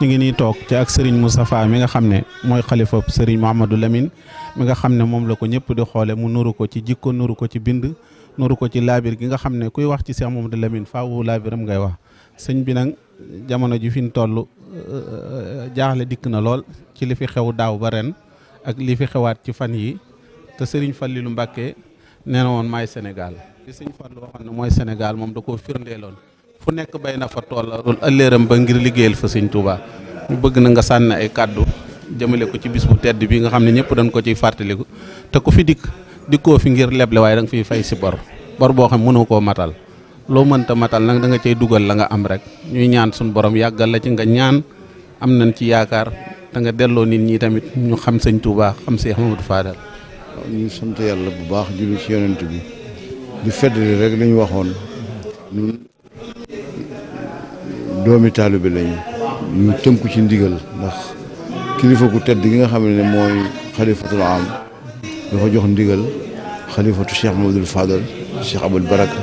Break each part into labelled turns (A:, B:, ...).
A: ñu ngi nii toog ci ak Serigne Moustapha mi nga xam ne mooy xalifa Serigne Mouhamadou Lamine mi nga xam ne moom la ko ñëpp di xoole mu nuru ko ci jikko nuru ko ci bind nuru ko ci laabir gi nga xam ne kuy wax ci Cheikh Mouhamadou Lamine faawu laabiram ngay wax sëñ bi nag jamono ji fi ñu toll euh, euh, jaaxle dikk na lool ci li fi xew daaw ba ren ak li fi xewaat ci fan yi te Serigne Fallilou Mbacké nee na woon maay Sénégal li Serigne Fallou waxoon ne mooy Sénégal moom da koo loon fu nekk bay na fa tollarul ëllëram ba ngir liggéeyal fa Serigne Touba ñu bëgg na nga sànni ay kàddu jëmale ko ci bis bu tedd bi nga xam ne ñëpp dañ ko ciy fàttaliku te ko fi dikk dikkoo fi ngir leble waaye danga fiy fay si bor bor boo xam mënoo koo matal loo mënta matal nag da nga cay dugal la nga am rek ñuy ñaan suñu borom yàggal la ci nga ñaan am nañ ci yaakaar da nga delloo nit ñi tamit ñu xam sëñ Touba xam Cheikh Mamadou Fadal ñu
B: sant yàlla bu baax julli ci yonent
A: bi di feddali rek li waxoon
B: ñun doomi bi lañu ñu tënku ci ndigal ndax kilifa ku tedd gi nga xam ne mooy xalifatul am dafa jox ndigal xalifatu Cheikh Mamadou Fadal Cheikh Abul Baraka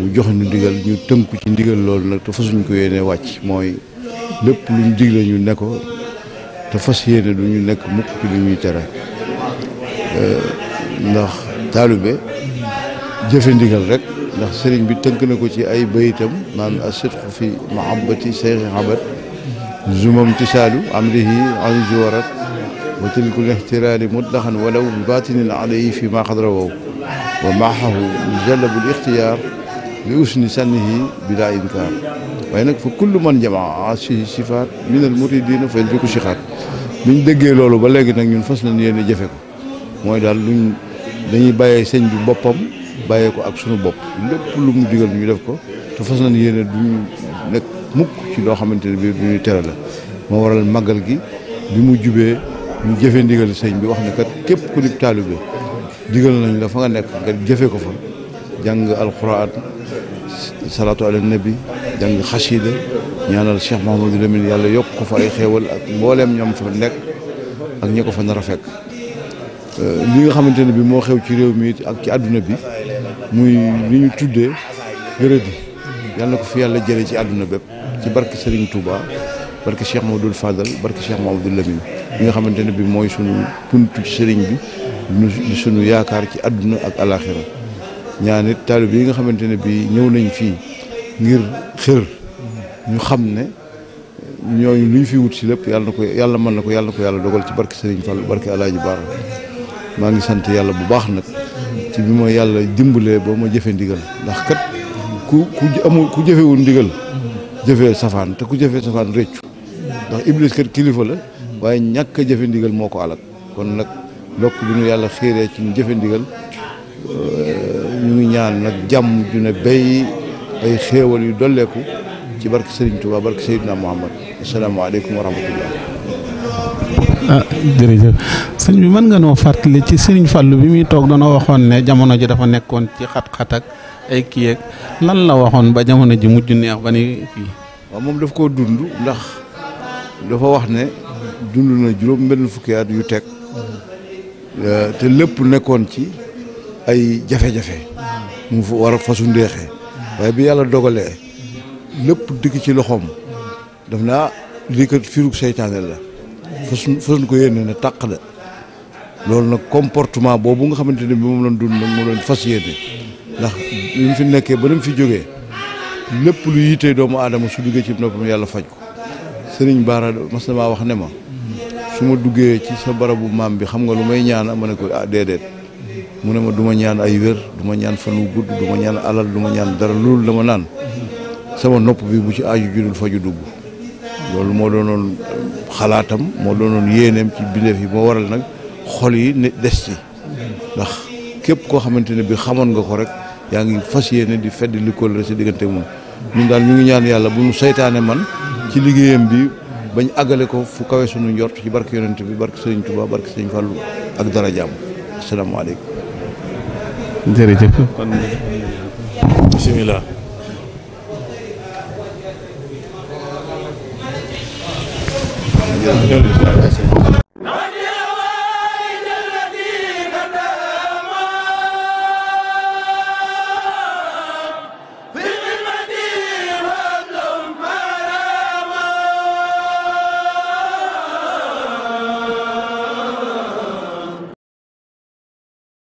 B: mu jox nu ndigal ñu tënku ci ndigal loolu nag te fasuñ ko yéene wàcc mooy lépp lu ñu digle ñu ne ko te fas yéene du ñu nekk mukk ci lu ñuy tere ndax talibé jëfëndigal rek ndax sëriñ bi tënk na ko ci ay bëyitam naan asidqu fi mahabbati sayyid habat zumam tisalu amrihi an warat wa tilku al-ihtiral mudlahan walaw bi baatinin alayhi fi ma xadra wa ma'ahu maaxahu al-ikhtiyar li usni sanhi bila inkar way nak fa kullu man jamaa si sifat min al muridin fa yalfiku shikhat biñ déggé lolu ba légui nak ñun fas nañ yéene jëfe ko mooy daal luñ dañuy bàyyee sëñ bi boppam bàyyee ko ak sunu bopp lépp lu mu digal ñu def ko te fas nañ yéene duñu nekk mukk ci loo xamante ne biir du ñu tere la moo waral màggal gi bi mu jubee ñu jëfe ndigal sëñ bi wax ne kat képp ku dib taalibe digal nañ la fa nga nekk nga jëfe ko fa jàng alxuraan salaatu ala nabi jàng xasida ñaanal Cheikh Mahamadou Lamine yàlla yokk ko fa ay xéewal ak mbooleem ñoom fa nekk ak ñi ko fa nar a fekk Euh, li nga xamante ne bi moo xew ci réew mi ak ci àdduna bi muy li ñu tuddee wéradi yàlla na ko fi yàlla jëlee ci àdduna bépp ci barke Serigne Touba barke Cheikh Maodoul Fadal barke Cheikh Maodoul Lamine li nga xamante ne bi mooy sunu buntu ci Serigne bi di sunu yaakaar ci àdduna ak alaxira ñaan it taalib yi nga xamante ne bi ñëw nañ fii ngir xër ñu xam ne ñooñu lu ñu fi wut si lépp yàlla na ko yàlla na ko yàlla na ko yàlla dogal ci barke Serigne Fall barke Alaaji Baara maa ngi sant yàlla bu baax nag ci bi ma yàlla dimbalee ba ma jëfe ndigal ndax kat ku ku amul ku jëfewul ndigal jëfee safaan te ku jëfee safaan réccu ndax iblis kat kilifa la waaye ñàkk a jëfe ndigal moo ko alal kon nag ndokk bi ñu yàlla xiiree ci ñu jëfe ndigal euh, ñu ngi ñaan nag jàmm ju ne béy ay xéewal yu dolleeku ci barke Serigne Touba barke Seydina Muhammad asalaamaaleykum
A: wa rahmatullah ah bi mën nga noo fàttali ci sëriñ Fallou bi muy toog danoo waxoon ne jamono ji dafa nekkoon ci xat xatak ak ay kii ak lan la waxoon ba jamono ji mujj neex ba ne fii.
B: waaw moom daf koo dund ndax dafa wax ne dund na juróom mbenn fukki at yu teg euh, te lépp nekkoon ci ay jafe-jafe mu war a fasu ndeexee waaye bi yàlla dogalee lépp dikk ci loxoom daf naa ah, lii kat firug seytaane la fas fas ko yéene ne tàq la loolu nag comportement boobu nga xamante ne bi moom lañ dund nag moom lañ fas yéene ndax li mu fi nekkee ba ni mu fi jógee lépp lu yitee doomu aadama su duggee ci noppam yàlla faj ko sëriñ Baara mas na wax ne ma su ci sa barabu maam bi xam nga lu may ñaan ma ko ah déedéet mu ne ma du ma ñaan ay wér du ñaan gudd ñaan alal du ñaan dara loolu dama naan sama nopp bi bu ci aaju faju dugg xalaatam moo doonoon yéeneem ci bindeef yi moo waral nag xol yi ne des ci ndax képp koo xamante ne bi xamoon nga ko rek yaa ngi fas yéene di fedd li kóllëre si diggante moom mu daal ñu ngi ñaan yàlla bu ñu saytaane man ci liggéeyam bi bañ àggale ko fu kawe suñu njort ci barke yonent bi barke sëriñ Tuubaa barki sëriñ Fàllu ak dara jàmm asalaamaaleykum
A: jërëjëf kon
B: gracias.